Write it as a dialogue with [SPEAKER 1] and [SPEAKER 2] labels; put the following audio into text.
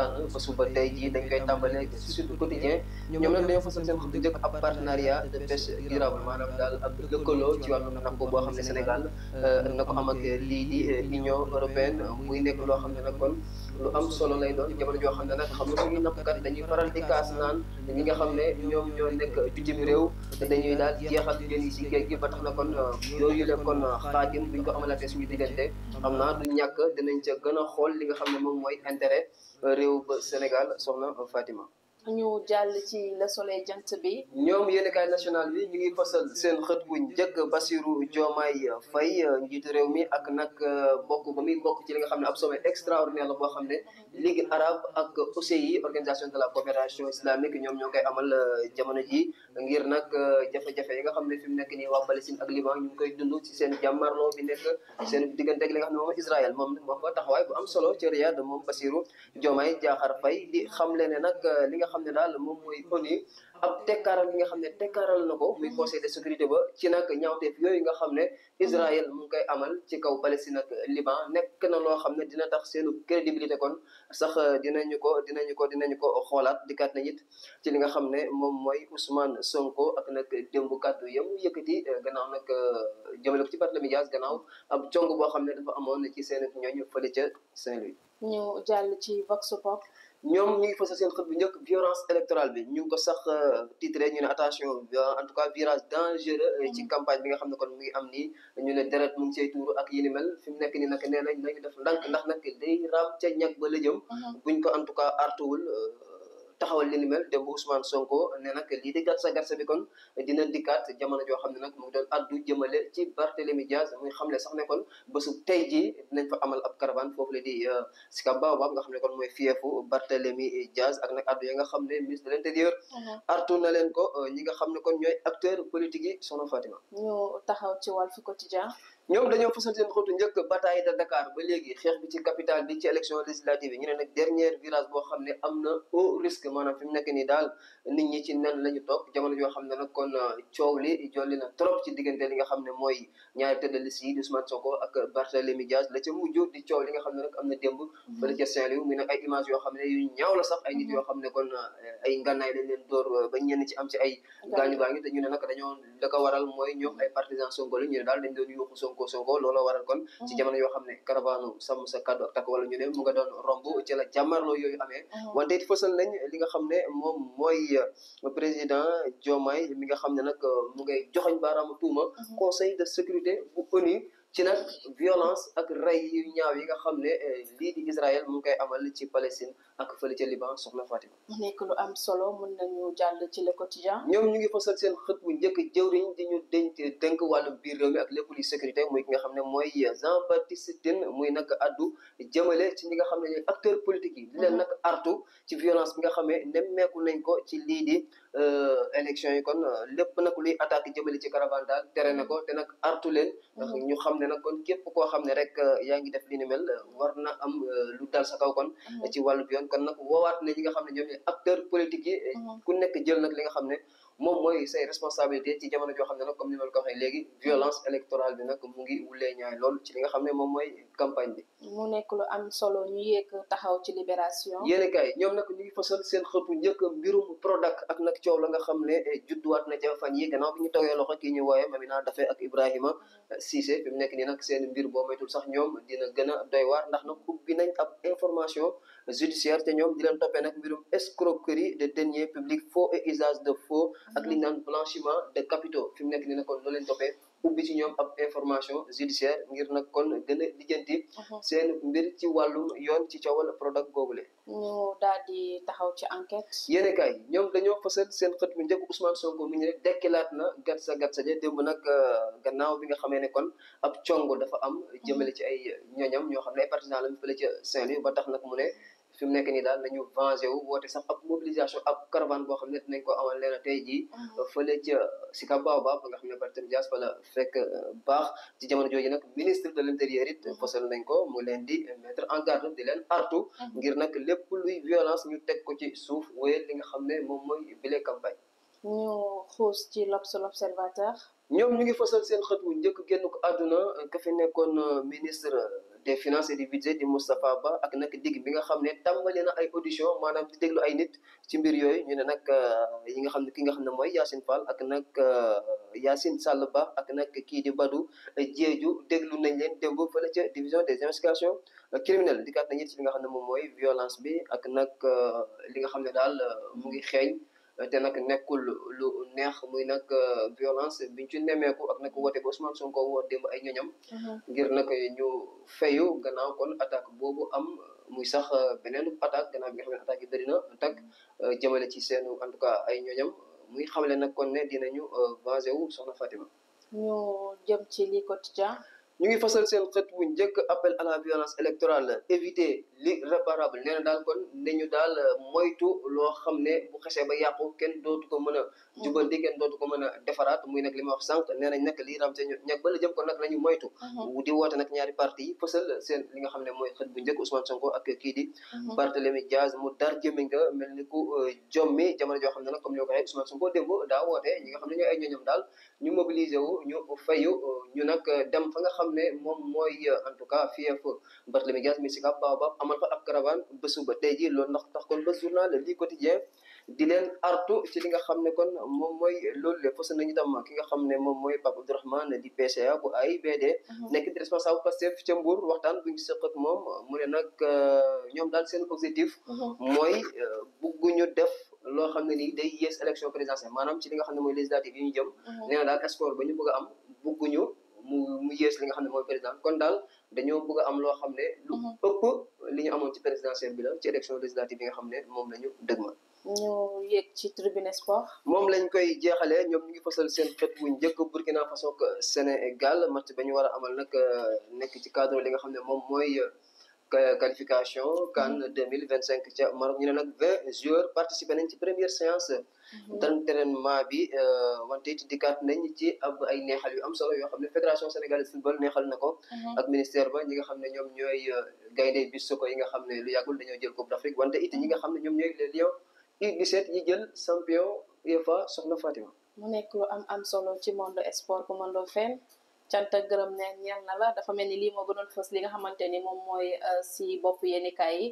[SPEAKER 1] tànn ba suba tey jii dañ koy tàmbalee surtout quotidien ñoom nag dañoo fasal seen xëpp njëkk ab partenariat de pêche durable maanaam daal ab lëkkaloo ci wàllum napp boo xam ne Sénégal na ko am ak lii di union européenne muy nekk loo xam ne nag kon lu am solo lay doon jamono joo xam ne nag xam nga suñu nappkat yi dañuy faral di kaas naan ñi nga xam ne ñoom ñoo nekk bitim réew te dañuy daal jeexal jën yi si géej gi tax na kon euh, yooyu la kon euh, xaajin buñ ko amalatee suñu diggante xam naa du ñàkk dinañ ca gën xool li nga xam ne moom mooy intérêt euh, réew ba Sénégal soxna Fatima
[SPEAKER 2] ñu jàll ci le soleil jant bi. ñoom
[SPEAKER 1] yéenekaay ñu ngi fasal seen xët bu njëkk Bassirou Diomaye Faye njiitu réew mi ak nag euh, bokk ba muy bokk ci li nga xam ne ab sommet extraordinaire la boo xam ne Ligue arabe ak OCI organisation de la coopération islamique ñoom ñoo koy amal euh, jamono ji ngir nag euh, jafe-jafe yi nga xam ne fi mu nekk nii waa Palestine ak Liban ñu ngi koy dund ci seen jàmmarloo bi nekk seen diggante ak nga xam ne moom Israël moom moom fa taxawaay bu am solo ci Riyad moom Bassirou Diomaye Diakhar xamle ne nag li nga xam ne daal moom mooy ONU ab nga xam ne tekkaaral na ko muy conseil de sécurité ba ci nag ñaawteef yooyu nga xam ne Israël mu ngi koy amal ci kaw Palestine ak Liban nekk na loo xam ne dina tax seenu crédibilité kon sax dinañu ko dinañu ko dinañu ko xoolaat kat nañ it ci li nga xam ne moom mooy Ousmane Sonko ak nag démb kàddu yam yëkkati eh, gannaaw nag eh, jëmale ko ci Barthélémy Dias gannaaw ab cong boo xam ne dafa amoon ci seen ñooñu fële ca Saint-Louis.
[SPEAKER 2] ñu jàll ci Vox
[SPEAKER 1] Pop. ñoom ñu ngi fësal seen xët bu njëkk violence électorale bi ñu ngi ko sax euh, titré ñu ne attention euh, en tout cas virage dangereux euh, ci mm. campagne bi nga xam ne kon mu am nii ñu ne deret mu ngi say tuuru ak yi ni fi mu nekk ni nag nee nañ nañu def ndànk ndax nag day raam ca ñag ba la mm-hmm. buñ ko en tout cas artuwul taxawal li ni mel démb Ousmane Sonko ne nag lii di gatsa gatsa bi kon dina dikkaat jamono joo xam ne nag mu doon addu jëmale ci Barthélemy Diaz muy xamle sax ne kon bésu tey jii dinañ fa amal ab caravane foofu la di euh, Sicap Baobab nga xam ne kon mooy fiefu Barthélemy Diaz ak nag addu ya nga xam ne ministre de mhm. artu na leen ko euh, ñi nga xam ne kon ñooy acteur politique yi sono Fatima
[SPEAKER 2] ñu taxaw ci Walf Quotidien
[SPEAKER 1] ñoom dañoo fasal seen xóotu njëkk bataille de Dakar ba léegi xeex bi ci capitale bi ci élection législative yi ñu ne nag dernier virage boo xam ne am na au risque maanaam mu nekk nii daal nit ñi ci nen la ñu toog joo xam ne nag kon euh, coow li jolli na trop nga xam ne mooy ñaari tête de liste yi di Ousmane ak Barthélémy Dias la ca mujj coow li nga xam ne am na démb fële ay image yoo xam ne yu ñaaw la sax ay yoo xam ne kon euh, ay ngànnaay lañ euh, am ci ay ne nag dañoo la ko waral mooy ñoom ay partisans Sonko la ñu ne daal dañ doon Sonko Sonko looloo waral kon mm. ci jamono yoo xam ne caravane sàmm sa kàddu ak takk wala ñu ne nga doon romb ci la jàmmarloo yooyu amee mm. wante it fësal nañ li nga xam ne moom mooy euh, président Diomaye mi nga xam ne nag euh, mu ngay joxoñ baaraamu tuuma mm-hmm. conseil de sécurité bu ONU ci nag violence ak rey yu ñaaw yi nga xam ne eh, lii di Israël mu ngi koy amal ci Palestine ak fële ca Liban soxna Fatima. mu nekk lu am solo na nañu jàll ci le quotidien. ñoom ñu ngi fasal seen xët bu njëkk jëwriñ di ñu denc dénk wàllu biir réew mi ak lépp luy sécurité muy ki nga xam ne mooy Jean Baptiste Tine muy nag addu jëmale ci ñi nga xam ne ñooy acteur politique yi. di leen nag mhm. artu ci violence bi nga xam ne nemmeeku nañ ko ci lii di euh, élection yi kon euh, lépp nag luy attaque jëmale ci caravane daal tere na ko te nag artu leen. Mhm. ne nag kon képp koo xam ne rek euh, yaa ngi def li ni mel euh, war na am euh, lu dal sa kaw kon mm-hmm. ci wàllu yoon kon nag woowaat ne ñi nga xam ne ñoom ñooy acteurs politiques mm-hmm. ku nekk jël nag li nga xam ne moom mooy say responsabilité ci jamono joo xam ne nag comme ni ma ko waxee léegi violence électorale bi nag mu ngi wulee ñaay lool ci li nga xam ne moom mooy campagne bi.
[SPEAKER 2] mu nekk lu am solo ñu yéeg taxaw ci libération. yéen kay
[SPEAKER 1] ñoom nag ñu ngi fësal seen xëtu njëkk mbirum Prodac ak nag coow la nga xam ne eh, judduwaat na ca fan yi gannaaw bi ñu toogee loxo kii ñu wooyee Mamina Daffé ak Ibrahima Cissé fi mu nekk nii nag seen mbir boo moytul sax ñoom dina gën a doy waar ndax nag ubbi nañ ab information judiciaire te ñoom di leen toppee nag mbirum escroquerie de deniers publics faux et usage de faux ak li ñu naan blanchiment de capitaux fi mu nekk nii nag kon loolu leen toppee ubbi ci ñoom ab information judiciaire ngir nag kon gën a lijjanti mhm. seen mbir ci wàllum yoon ci coowal Prodac googule ñu
[SPEAKER 2] daal di taxaw ci enquête yéene
[SPEAKER 1] kaay ñoom dañoo fësal seen xët bu njëkk Ousmane Sonko mi ñu ne dekkilaat na gat sa gat sa ja démb nag euh, gannaaw bi nga xamee ne kon ab congo dafa am jëmale ci ay ñoñam ñoo xam ne ay partisan lañu fële ca Saint-Louis ba tax nag mu ne fi mu nekk ni daal nañu vengé wu woote sax ab mobilisation ab caravane boo xam ne nañ ko amal leena tey jii ah. fële ca Sicap Baobab ba nga xam ne Barthélémy Dias fa la fekk euh, baax ci jamono jooju nag ministre de l'intérieur it posal mm-hmm. nañ ko mu leen di mettre en di leen artu mm-hmm. ngir nag lépp luy violence ñu teg ko ci suuf wéyal li nga xam ne moom mooy bile campagne
[SPEAKER 2] ñu xuus ci lobs l'observateur
[SPEAKER 1] ñoom ñu ngi fësal seen xët wu njëkk génn ko àdduna ka fi nekkoon euh, ministre des finances et di Moustapha Ba ak nag digg bi nga xam ne tàmbali na ay audition maanaam di déglu ay nit ci mbir yooyu ñu ne nag euh, yi nga xam ne ki nga xam ne mooy Yacine pal ak nag euh, Yacine Sall Ba ak nag kii di badu Diédhiou déglu nañ leen démb fële ca division des investigations di dikkaat nañu ci li nga xam ne moom mooy violence bi ak nag euh, li nga xam ne daal mu ngi xeeñ te nag nekkul lu neex muy nag euh, violence biñ ci nemmeeku ak nag woote ba Ousmane Sonko woo démb ay ñoñam uh-huh. ngir nag ñu fayu gannaaw kon attaque boobu am muy sax euh, beneen attaque gannaaw bi nga xam ne attaque na attaque euh, jëmale ci seenu en tout cas ay ñoñam muy xamle nag kon ne dinañu basé wu soxna Fatima.
[SPEAKER 2] ñu
[SPEAKER 1] jëm ci li quotidien ñu ngi fasal seen xët wu njëkk appel à la violence électorale éviter l'irréparable nee na daal kon ne ñu daal moytu loo xam ne bu xesee ba yàqu kenn dootu ko mën a jubanti kenn dootu ko mën a defaraat muy nag li ma wax sànq nee nañ nag lii ramte ñu ñag bala jëm kon nag la ñu moytu mhm. di woote nag ñaari parti yi fasal seen li nga xam ne mooy xët bu njëkk Ousmane Sonko ak kii di mhm. Barthélémy Diaz mu dar jëmi nga mel ni ku euh, jommi jamono joo xam ne nag comme ni ko waxee xam ne ñooy ay ñooñam daal ñu mobiliser wu euh, mais ne moom mooy en tout cas fii ak Barthélémy Dias mi si kàbb baobab amal fa ab caravane bésu ba tey jii loolu ndax tax kon ba journal lii quotidien di leen artu ci li nga xam ne kon moom mooy loolu le fas nañu tam ki nga xam ne moom mooy Pape Abdourahmane di PCA bu AIBD mhm. nekk di responsable Pastef ca Mbour waxtaan bu ñu moom mu ne nag euh, ñoom daal seen objectif mhm. mooy euh, bugguñu def loo xam ne ni day yées élection présidentielle maanaam ci li nga xam ne mooy législative yi ñu jëm mhm. nee na daal espoir ba ñu bëgg a am mu mu yées li nga xam ne mooy président kon daal dañoo bëgg a am loo xam ne. lu mhm. ëpp li ñu amoon ci présidentielle bi la ci élection législative bi nga xam ne moom la ñu dëgmal.
[SPEAKER 2] ñu yéeg ci tribune sport.
[SPEAKER 1] moom lañ koy jeexalee ñoom ñu ngi fasal seen xët bu njëkk pour Burkina Faso ak Sénégal match ba ñu war a amal nag euh, nekk ci cadre li nga xam ne moom mooy. Euh, qualification CAN 2025 mm-hmm. ca Maroc ñu nag vingt joueurs participé nañ ci première séance d'entraînement mm-hmm. bi euh, wante it dikkaat nañ ci ab ay neexal yu am solo yoo xam ne fédération sénégalaise de football neexal na mm-hmm. ak ministère ba ñi nga xam ne ñoom ñooy euh, gaynde bis su yi nga xam ne lu yàggul dañoo jël coupe d'Afrique wante it ñi nga xam ne ñoom ñooy les lions U17 yi jël champion UEFA soxna Fatima mu
[SPEAKER 2] nekk am solo ci monde sport ku mën cant ak gërëm ne ñeel na la dafa mel ni lii moo gënoon fës li nga xamante ni moom mooy euh, si bopp yéenekaay yi